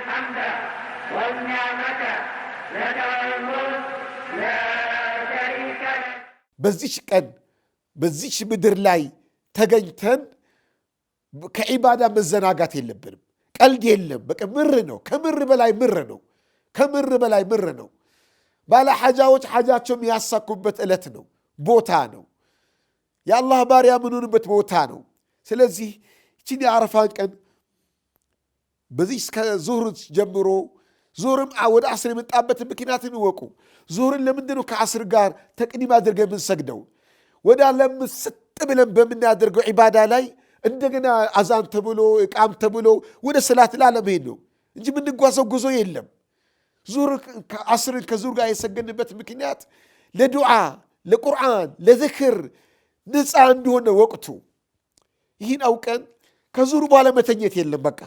الحمد والنعمة لك لا شريك لك በዚች ቀን በዚች ምድር ላይ ተገኝተን ከዒባዳ መዘናጋት የለብንም። ቀልድ የለም። በቃ ምር ነው። ከምር በላይ ምር ነው። ከምር በላይ ምር ነው። ባለ ሐጃዎች ሐጃቸው የሚያሳኩበት ዕለት ነው፣ ቦታ ነው። የአላህ ባሪያ ምንሆንበት ቦታ ነው። ስለዚህ ይችን የአረፋን ቀን በዚህ እስከ ዙሁር ጀምሮ ዙሁርም ወደ አስር የመጣበትን ምክንያት የሚወቁ ዙሁርን ለምንድን ነው ከአስር ጋር ተቅዲም አድርገን የምንሰግደው? ወደ አለም ስጥ ብለን በምናደርገው ዒባዳ ላይ እንደገና አዛን ተብሎ እቃም ተብሎ ወደ ሰላት ላለመሄድ ነው እንጂ የምንጓዘው ጉዞ የለም። አስርን ከዙር ጋር የሰገንበት ምክንያት ለዱዓ፣ ለቁርአን፣ ለዝክር ነፃ እንደሆነ ወቅቱ ይህን አውቀን ከዙር በኋላ መተኘት የለም በቃ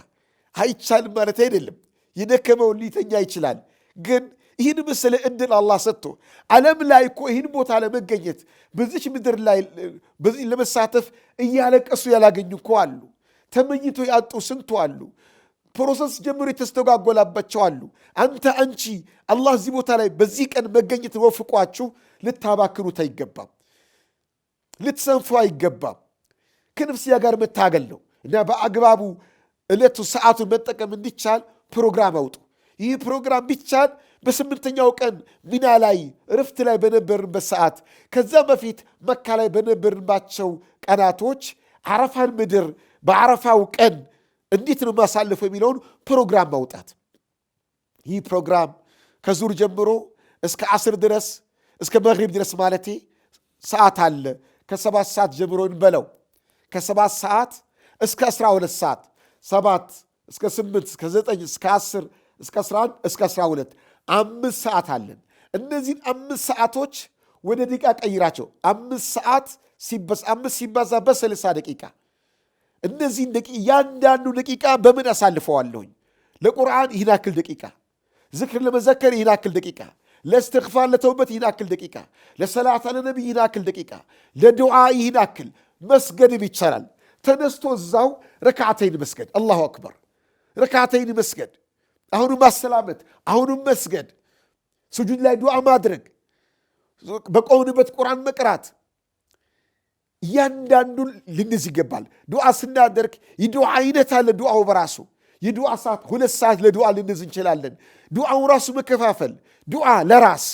አይቻልም ማለት አይደለም። የደከመውን ሊተኛ ይችላል። ግን ይህን ምስል እድል አላህ ሰጥቶ ዓለም ላይ እኮ ይህን ቦታ ለመገኘት በዚች ምድር ላይ በዚህ ለመሳተፍ እያለቀሱ ያላገኙ እኮ አሉ። ተመኝቶ ያጡ ስንቱ አሉ። ፕሮሰስ ጀምሮ የተስተጓጎላባቸው አሉ። አንተ አንቺ አላህ እዚህ ቦታ ላይ በዚህ ቀን መገኘት ወፍቋችሁ ልታባክኑት አይገባም፣ ልትሰንፉ አይገባም። ከነፍስያ ጋር መታገል ነው እና በአግባቡ እለቱ ሰዓቱን መጠቀም እንዲቻል ፕሮግራም አውጡ። ይህ ፕሮግራም ቢቻል በስምንተኛው ቀን ሚና ላይ እርፍት ላይ በነበርንበት ሰዓት ከዛ በፊት መካ ላይ በነበርንባቸው ቀናቶች አረፋን ምድር በአረፋው ቀን እንዴት ነው የማሳልፈው የሚለውን ፕሮግራም ማውጣት። ይህ ፕሮግራም ከዙር ጀምሮ እስከ አስር ድረስ እስከ መግሪብ ድረስ ማለቴ ሰዓት አለ። ከሰባት ሰዓት ጀምሮ እንበለው ከሰባት ሰዓት እስከ አስራ ሁለት ሰዓት ሰባት እስከ ስምንት እስከ ዘጠኝ እስከ አስር እስከ አስራ አንድ እስከ አስራ ሁለት አምስት ሰዓት አለን። እነዚህን አምስት ሰዓቶች ወደ ደቂቃ ቀይራቸው። አምስት ሰዓት አምስት ሲባዛ በሰላሳ ደቂቃ እነዚህን ደቂ እያንዳንዱ ደቂቃ በምን አሳልፈዋለሁኝ? ለቁርአን ይህን አክል ደቂቃ፣ ዝክር ለመዘከር ይህን አክል ደቂቃ፣ ለእስትግፋር ለተውበት ይህን አክል ደቂቃ፣ ለሰላት አለነቢ ይህን አክል ደቂቃ፣ ለዱዓ ይህን አክል መስገድም ይቻላል። ተነስቶ እዛው ረካዓተይን መስገድ፣ አላሁ አክበር። ረካዓተይን መስገድ፣ አሁንም ማሰላመት፣ አሁንም መስገድ፣ ስጁድ ላይ ዱዓ ማድረግ፣ በቆምንበት ቁርአን መቅራት፣ እያንዳንዱን ልንዝ ይገባል። ዱዓ ስናደርግ የዱዓ አይነት አለ። ዱዓው በራሱ የዱዓ ሰዓት ሁለት ሰዓት ለዱዓ ልንዝ እንችላለን። ዱዓው ራሱ መከፋፈል፣ ዱዓ ለራስ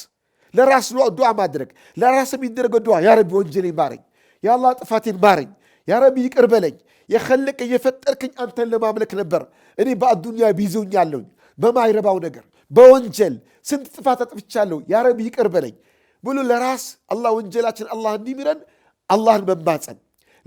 ለራስ ዱዓ ማድረግ፣ ለራስ የሚደረገው ዱዓ ያረቢ ወንጀሌን ማረኝ፣ የአላህ ጥፋቴን ማረኝ፣ ያረቢ ይቅር በለኝ የኸልቅ እየፈጠርክኝ አንተን ለማምለክ ነበር። እኔ በአዱንያ ቢዙኛለሁ፣ በማይረባው ነገር፣ በወንጀል ስንት ጥፋት አጥፍቻለሁ። ያረብ ይቅር በለኝ ብሎ ለራስ አላህ ወንጀላችን አላህ እንዲምረን አላህን መማፀን፣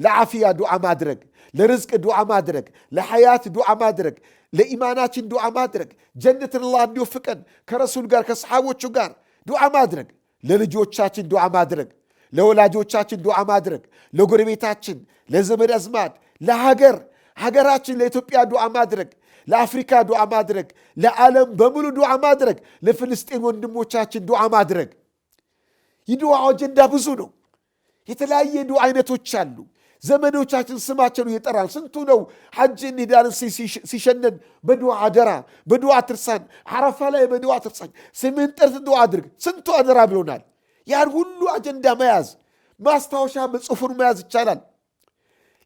ለዓፊያ ዱዓ ማድረግ፣ ለርዝቅ ዱዓ ማድረግ፣ ለሐያት ዱዓ ማድረግ፣ ለኢማናችን ዱዓ ማድረግ፣ ጀነትን አላህ እንዲወፍቀን ከረሱል ጋር ከሰሓቦቹ ጋር ዱዓ ማድረግ፣ ለልጆቻችን ዱዓ ማድረግ ለወላጆቻችን ዱዓ ማድረግ፣ ለጎረቤታችን፣ ለዘመድ አዝማድ፣ ለሀገር ሀገራችን ለኢትዮጵያ ዱዓ ማድረግ፣ ለአፍሪካ ዱዓ ማድረግ፣ ለዓለም በሙሉ ዱዓ ማድረግ፣ ለፍልስጤን ወንድሞቻችን ዱዓ ማድረግ። የዱዓ አጀንዳ ብዙ ነው። የተለያየ ዱዓ አይነቶች አሉ። ዘመዶቻችን ስማቸው ይጠራል። ስንቱ ነው ሐጅ እንሄዳለን ሲሸነን በዱዓ አደራ፣ በዱዓ ትርሳን፣ አረፋ ላይ በዱዓ ትርሳን፣ ስምህን ጠርተን ዱዓ አድርግ። ስንቱ አደራ ብሎናል። ያን ሁሉ አጀንዳ መያዝ ማስታወሻ መጽሑፉን መያዝ ይቻላል።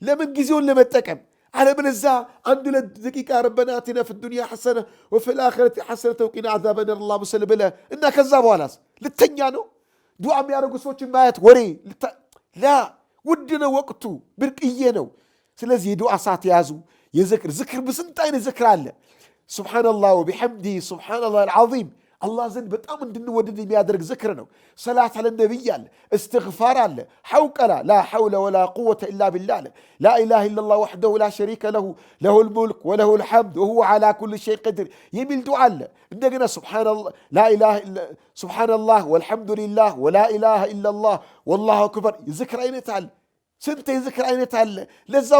ለምን ጊዜውን ለመጠቀም አለበለዛ አንድ ሁለት ደቂቃ ረበናት ና ፊዱንያ ሐሰነ ወፊል አኺረቲ ሐሰነ ወቂና ዓዛበ ናር አላህ መሰል ብለህ እና ከዛ በኋላስ ልተኛ ነው። ዱዓ የሚያደርጉ ሰዎችን ማየት ወሬ ላ ውድ ነው፣ ወቅቱ ብርቅዬ ነው። ስለዚህ የዱዓ ሰዓት የያዙ የዝክር ዝክር፣ በስንት አይነት ዝክር አለ። ሱብሓነላህ ወቢሐምዲህ ሱብሓነላህ አልዓዚም አላህ ዘንድ በጣም እንድንወደድ የሚያደርግ ዝክር ነው። ሰላት አለ ነቢይ አለ፣ እስትግፋር አለ፣ ሐውቀላ ላ ሐውለ ወላ ቁወተ ኢላ ቢላ አለ፣ ላ ኢላሃ ኢለላህ ወሕደሁ ላ ሸሪከ ለሁ ለሁ ልሙልክ ወለሁ ልሐምድ ወሁወ ዓላ ኩል ሸይ ቀዲር የሚል ዱዓ አለ። እንደገና ሱብሓነላህ ወልሐምዱሊላህ ወላ ኢላሃ ኢለላህ ወላሁ አክበር ዝክር አይነት አለ። ስንት የዝክር አይነት አለ።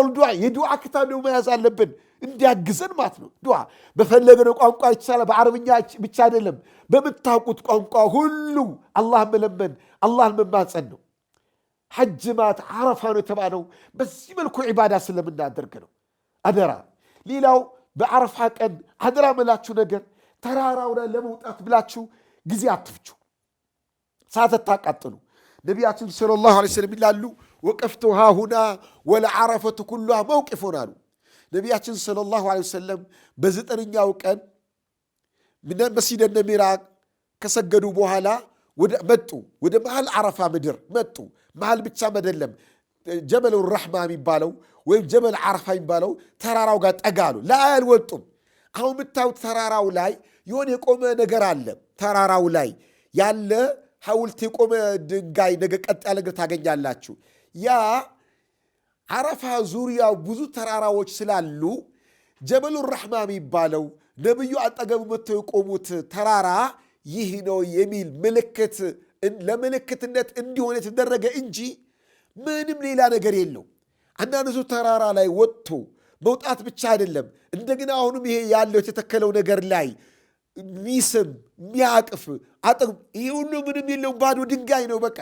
ሁሉ ዱዓ የዱዓ ክታብ ደግሞ መያዝ አለብን እንዲያግዘን ማለት ነው። ዱዓ በፈለግነው ቋንቋ ይቻላል። በአረብኛ ብቻ አይደለም፣ በምታውቁት ቋንቋ ሁሉ አላህ መለመን አላህን መማፀን ነው። ሐጅ ማት አረፋ ነው የተባለው በዚህ መልኩ ዒባዳ ስለምናደርግ ነው። አደራ ሌላው በአረፋ ቀን አደራ መላችሁ ነገር ተራራውና ለመውጣት ብላችሁ ጊዜ አትፍቹ፣ ሰዓት አታቃጥሉ። ነቢያችን ሰለላሁ ዐለይሂ ወሰለም ይላሉ ወቀፍቱ ሃሁና ወለዓረፈቱ ኩሏ መውቂፉን አሉ ነቢያችን ሰለላሁ ዐለይሂ ወሰለም በዘጠነኛው ቀን መሲደ ነሚራቅ ከሰገዱ በኋላ መጡ። ወደ መሃል ዓረፋ ምድር መጡ። መሃል ብቻ አይደለም ጀበል ረሕማ የሚባለው ወይም ጀበል ዓረፋ የሚባለው ተራራው ጋር ጠጋ አሉ። ላይ አልወጡም። አሁን የምታዩት ተራራው ላይ የሆነ የቆመ ነገር አለ። ተራራው ላይ ያለ ሐውልት የቆመ ድንጋይ ነገር ቀጥ ያለ ነገር ታገኛላችሁ። ያ አረፋ ዙሪያው ብዙ ተራራዎች ስላሉ ጀበሉ ራህማ የሚባለው ነቢዩ አጠገብ መጥተው የቆሙት ተራራ ይህ ነው የሚል ምልክት ለምልክትነት እንዲሆን የተደረገ እንጂ ምንም ሌላ ነገር የለው። አንዳንዱ ተራራ ላይ ወጥቶ መውጣት ብቻ አይደለም፣ እንደገና አሁንም ይሄ ያለው የተተከለው ነገር ላይ ሚስም ሚያቅፍ አጠ ይህ ሁሉ ምንም የለው፣ ባዶ ድንጋይ ነው በቃ።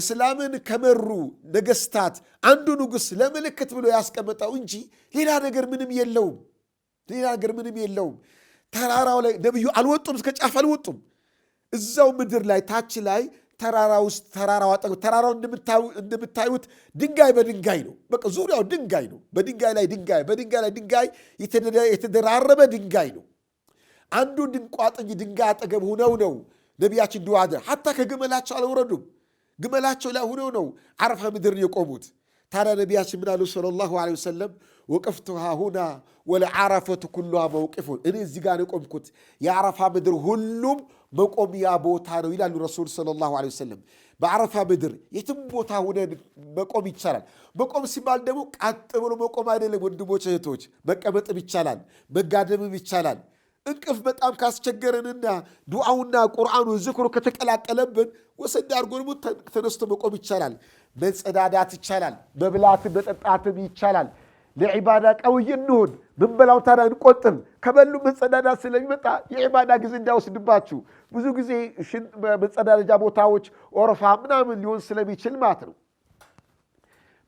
እስላምን ከመሩ ነገስታት አንዱ ንጉሥ ለምልክት ብሎ ያስቀመጠው እንጂ ሌላ ነገር ምንም የለውም። ሌላ ነገር ምንም የለውም። ተራራው ላይ ነቢዩ አልወጡም፣ እስከ ጫፍ አልወጡም። እዛው ምድር ላይ ታች ላይ ተራራ ውስጥ ተራራው ተራራው እንደምታዩት ድንጋይ በድንጋይ ነው። በቃ ዙሪያው ድንጋይ ነው። በድንጋይ ላይ ድንጋይ፣ በድንጋይ ላይ ድንጋይ፣ የተደራረበ ድንጋይ ነው። አንዱ ድንቋጥኝ ድንጋይ አጠገብ ሆነው ነው ነቢያችን ድዋደ ሀታ ከገመላቸው አልወረዱም። ግመላቸው ላይ ሁነው ነው አረፋ ምድር የቆሙት። ታዲያ ነቢያችን ምናሉ ሰለላሁ ዐለይሂ ወሰለም ወቅፍቱ ሁና ወለዓረፈቱ ኩሉሃ መውቂፉን። እኔ እዚህ ጋር የቆምኩት የአረፋ ምድር ሁሉም መቆሚያ ቦታ ነው ይላሉ ረሱል ሰለላሁ ዐለይሂ ወሰለም። በአረፋ ምድር የትም ቦታ ሁነን መቆም ይቻላል። መቆም ሲባል ደግሞ ቀጥ ብሎ መቆም አይደለም ወንድሞች እህቶች፣ መቀመጥም ይቻላል፣ መጋደምም ይቻላል። እንቅፍ በጣም ካስቸገረንና ዱዓውና ቁርአኑ ዝክሩ ከተቀላቀለብን ወሰድ አድርጎ ደግሞ ተነስቶ መቆም ይቻላል። መጸዳዳት ይቻላል። መብላትም መጠጣትም ይቻላል። ለዒባዳ ቀውይ እንሁን። ምንበላው ታዲያ እንቆጥብ። ከበሉ መጸዳዳት ስለሚመጣ የዒባዳ ጊዜ እንዳይወስድባችሁ። ብዙ ጊዜ መጸዳዳጃ ቦታዎች ኦረፋ ምናምን ሊሆን ስለሚችል ማለት ነው።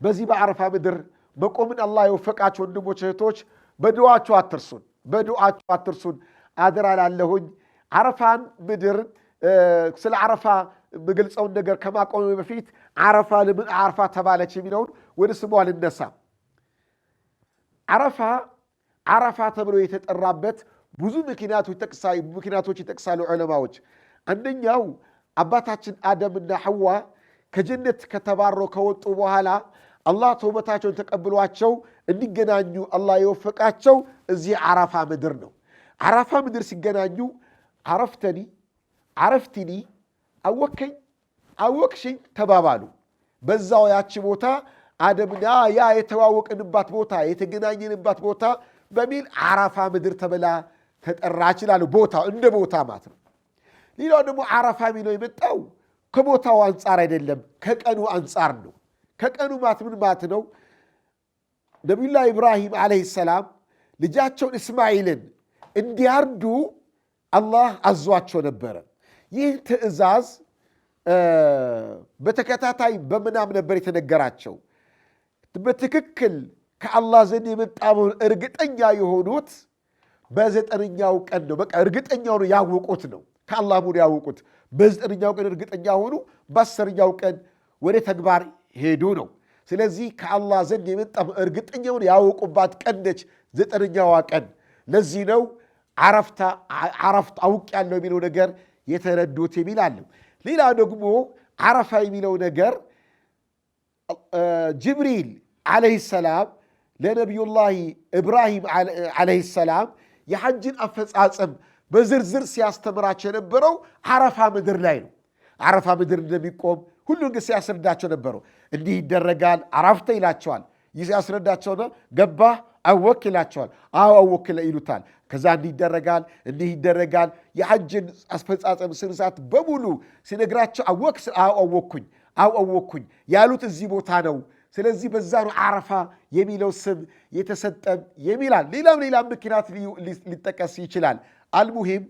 በዚህ በአረፋ ምድር መቆምን አላህ የወፈቃቸው ወንድሞች እህቶች፣ በድዋቸው አትርሱን። በዱዓችሁ አትርሱን አደራ ላለሁኝ። አረፋን ምድር ስለ አረፋ የምገልጸውን ነገር ከማቆሚ በፊት አረፋ ለምን አረፋ ተባለች የሚለውን ወደ ስሟ ልነሳ። አረፋ አረፋ ተብሎ የተጠራበት ብዙ ምክንያቶች ይጠቅሳሉ ዑለማዎች። አንደኛው አባታችን አደምና ሐዋ ከጀነት ከተባረው ከወጡ በኋላ አላህ ተውበታቸውን ተቀብሏቸው እንዲገናኙ አላህ የወፈቃቸው እዚህ አረፋ ምድር ነው። አረፋ ምድር ሲገናኙ አረፍተኒ፣ አረፍትኒ፣ አወከኝ፣ አወቅሽኝ ተባባሉ። በዛው ያቺ ቦታ አደምና ያ የተዋወቅንባት ቦታ የተገናኘንባት ቦታ በሚል አረፋ ምድር ተብላ ተጠራ ይላሉ። ቦታ እንደ ቦታ ማለት ነው። ሌላው ደግሞ አረፋ የሚለው የመጣው ከቦታው አንጻር አይደለም፣ ከቀኑ አንጻር ነው። ከቀኑ ማለት ምን ማለት ነው? ነቢዩላህ ኢብራሂም ዓለይሂ ሰላም ልጃቸውን እስማኤልን እንዲያርዱ አላህ አዟቸው ነበረ። ይህ ትዕዛዝ በተከታታይ በምናም ነበር የተነገራቸው። በትክክል ከአላህ ዘንድ የመጣ መሆን እርግጠኛ የሆኑት በዘጠነኛው ቀን ነው። በቃ እርግጠኛው ያወቁት ነው ከአላህ መሆኑ ያወቁት በዘጠነኛው ቀን እርግጠኛ ሆኑ። በአስረኛው ቀን ወደ ተግባር ሄዱ ነው። ስለዚህ ከአላህ ዘንድ የመጣም እርግጠኛውን ያወቁባት ቀን ነች ዘጠነኛዋ ቀን። ለዚህ ነው አረፍታ አረፍት አውቅ ያለው የሚለው ነገር የተረዱት የሚል አለ። ሌላ ደግሞ አረፋ የሚለው ነገር ጅብሪል ዓለይሂ ሰላም ለነቢዩላህ ኢብራሂም ዓለይሂ ሰላም የሐጅን አፈጻጸም በዝርዝር ሲያስተምራቸው የነበረው አረፋ ምድር ላይ ነው። አረፋ ምድር እንደሚቆም ሁሉን ግን ሲያስረዳቸው ነበሩ። እንዲህ ይደረጋል አራፍተ ይላቸዋል። ይህ ሲያስረዳቸው ነው። ገባ አወክ ይላቸዋል። አዎ አወክ ይሉታል። ከዛ እንዲህ ይደረጋል፣ እንዲህ ይደረጋል። የሐጅን አስፈጻጸም ስርዓት በሙሉ ሲነግራቸው አወክ፣ አዎ አወኩኝ፣ አዎ አወኩኝ ያሉት እዚህ ቦታ ነው። ስለዚህ በዛ ነው አረፋ የሚለው ስም የተሰጠም የሚላል። ሌላም ሌላም ምክንያት ሊጠቀስ ይችላል። አልሙሂም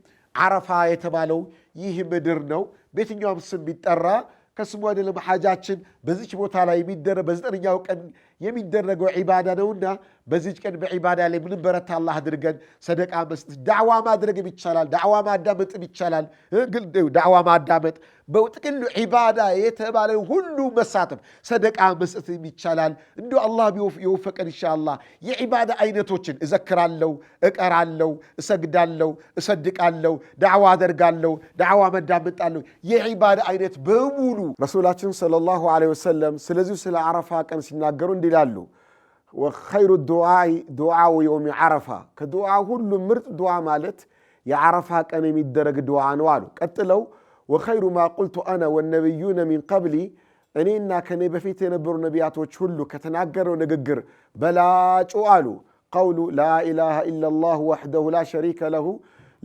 አረፋ የተባለው ይህ ምድር ነው። በየትኛውም ስም ቢጠራ ከስሙ አይደለም ሐጃችን በዚች ቦታ ላይ የሚደረ በዘጠነኛው ቀን የሚደረገው ዒባዳ ነውና በዚች ቀን በዒባዳ ላይ ምንም በረታ አላህ አድርገን ሰደቃ መስጠት፣ ዳዕዋ ማድረግም ይቻላል። ዳዕዋ ማዳመጥም ይቻላል። ዳዕዋ ማዳመጥ በጥቅሉ ዒባዳ የተባለ ሁሉ መሳተፍ፣ ሰደቃ መስጠትም ይቻላል። እንዲ አላ የወፈቀን እንሻላ የዒባዳ አይነቶችን እዘክራለው፣ እቀራለው እሰግዳለው እሰድቃለው ዳዕዋ አደርጋለሁ፣ ዳዕዋ መዳመጣለው የዒባዳ አይነት በሙሉ ረሱላችን ሰለላሁ ዐለይሂ ወሰለም ስለዚሁ ስለ አረፋ ቀን ሲናገሩ እንዲላሉ ወኸይሩ ዱዓኢ ዱዓኡ የውሚ ዓረፋ ከዱዓ ሁሉ ምርጥ ዱዓ ማለት የዓረፋ ቀን የሚደረግ ዱዓ ነው አሉ። ቀጥለው ወኸይሩ ማ ቁልቱ አነ ወነቢዩነ ሚን ቀብሊ እኔና ከኔ በፊት የነበሩ ነቢያቶች ሁሉ ከተናገረው ንግግር በላጩ አሉ ቀውሉ ላኢላሃ ኢለላህ ወሕደሁ ላ ሸሪከ ለሁ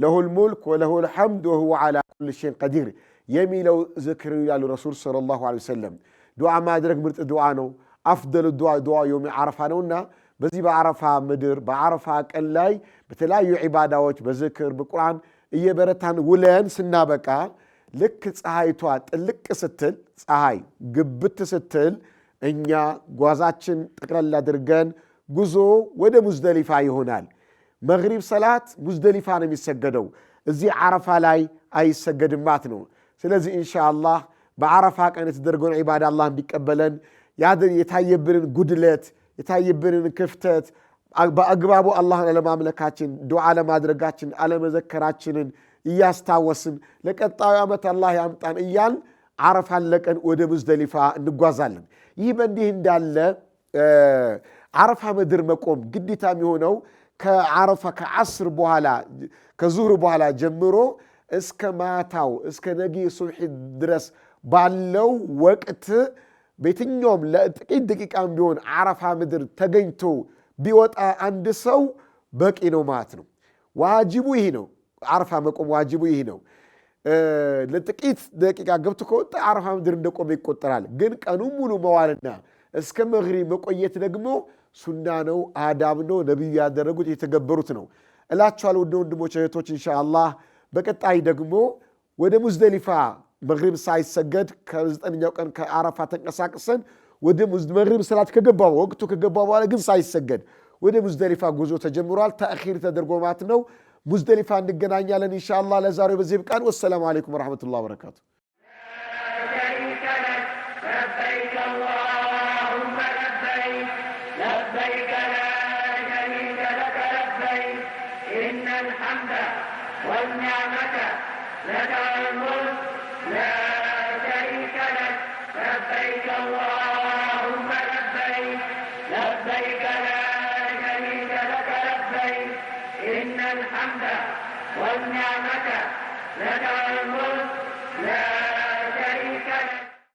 ለሁል ሙልክ ወለሁል ሐምድ ወሁወ ዓላ ኩል ሸይን ቀዲር የሚለው ዝክር ይላሉ ረሱል ሰለላሁ ዓለይሂ ወሰለም። ዱዓ ማድረግ ምርጥ ዱዓ ነው። አፍደል ዱዓ ዱዓ ዮሚ ዓረፋ ነውና በዚህ በዓረፋ ምድር በዓረፋ ቀን ላይ በተለያዩ ዒባዳዎች በዝክር በቁርአን እየበረታን ውለን ስናበቃ ልክ ፀሐይቷ ጥልቅ ስትል ፀሐይ ግብት ስትል እኛ ጓዛችን ጠቅለል አድርገን ጉዞ ወደ ሙዝደሊፋ ይሆናል። መግሪብ ሰላት ሙዝደሊፋ ነው የሚሰገደው፣ እዚህ ዓረፋ ላይ አይሰገድማት ነው። ስለዚህ እንሻ አላህ በዓረፋ ቀን የተደረገውን ዒባዳ አላህ እንዲቀበለን የታየብንን ጉድለት የታየብንን ክፍተት በአግባቡ አላህን አለማምለካችን ዱዓ ለማድረጋችን አለመዘከራችንን እያስታወስን ለቀጣዩ ዓመት አላህ ያምጣን እያል አረፋን ለቀን ወደ ሙዝደሊፋ እንጓዛለን። ይህ በእንዲህ እንዳለ አረፋ ምድር መቆም ግዴታ የሚሆነው ከአረፋ ከዓስር በኋላ ከዙሁር በኋላ ጀምሮ እስከ ማታው እስከ ነጊ ሱብሒ ድረስ ባለው ወቅት በየትኛውም ለጥቂት ደቂቃም ቢሆን አረፋ ምድር ተገኝቶ ቢወጣ አንድ ሰው በቂ ነው ማለት ነው። ዋጅቡ ይህ ነው። አረፋ መቆም ዋጅቡ ይህ ነው። ለጥቂት ደቂቃ ገብቶ ከወጣ አረፋ ምድር እንደቆመ ይቆጠራል። ግን ቀኑ ሙሉ መዋልና እስከ መግሪ መቆየት ደግሞ ሱና ነው፣ አዳብ ነው። ነቢዩ ያደረጉት የተገበሩት ነው እላችኋል። ወደ ወንድሞች እህቶች፣ እንሻ አላህ በቀጣይ ደግሞ ወደ ሙዝደሊፋ መግሪብ ሳይሰገድ ከዘጠነኛው ቀን ከአረፋ ተንቀሳቅሰን ወደ መግሪብ ሰላት ከገባ ወቅቱ ከገባ በኋላ ግን ሳይሰገድ ወደ ሙዝደሊፋ ጉዞ ተጀምሯል። ተአኺር ተደርጎ ማለት ነው። ሙዝደሊፋ እንገናኛለን ኢንሻአላህ። ለዛሬው በዚህ ብቃን። ወሰላሙ አለይኩም ወረሕመቱላሂ ወበረካቱ። لك الحمد والنعمة لك الملك لا شريك لك لبيك لك لبيك إن الحمد والنعمة لك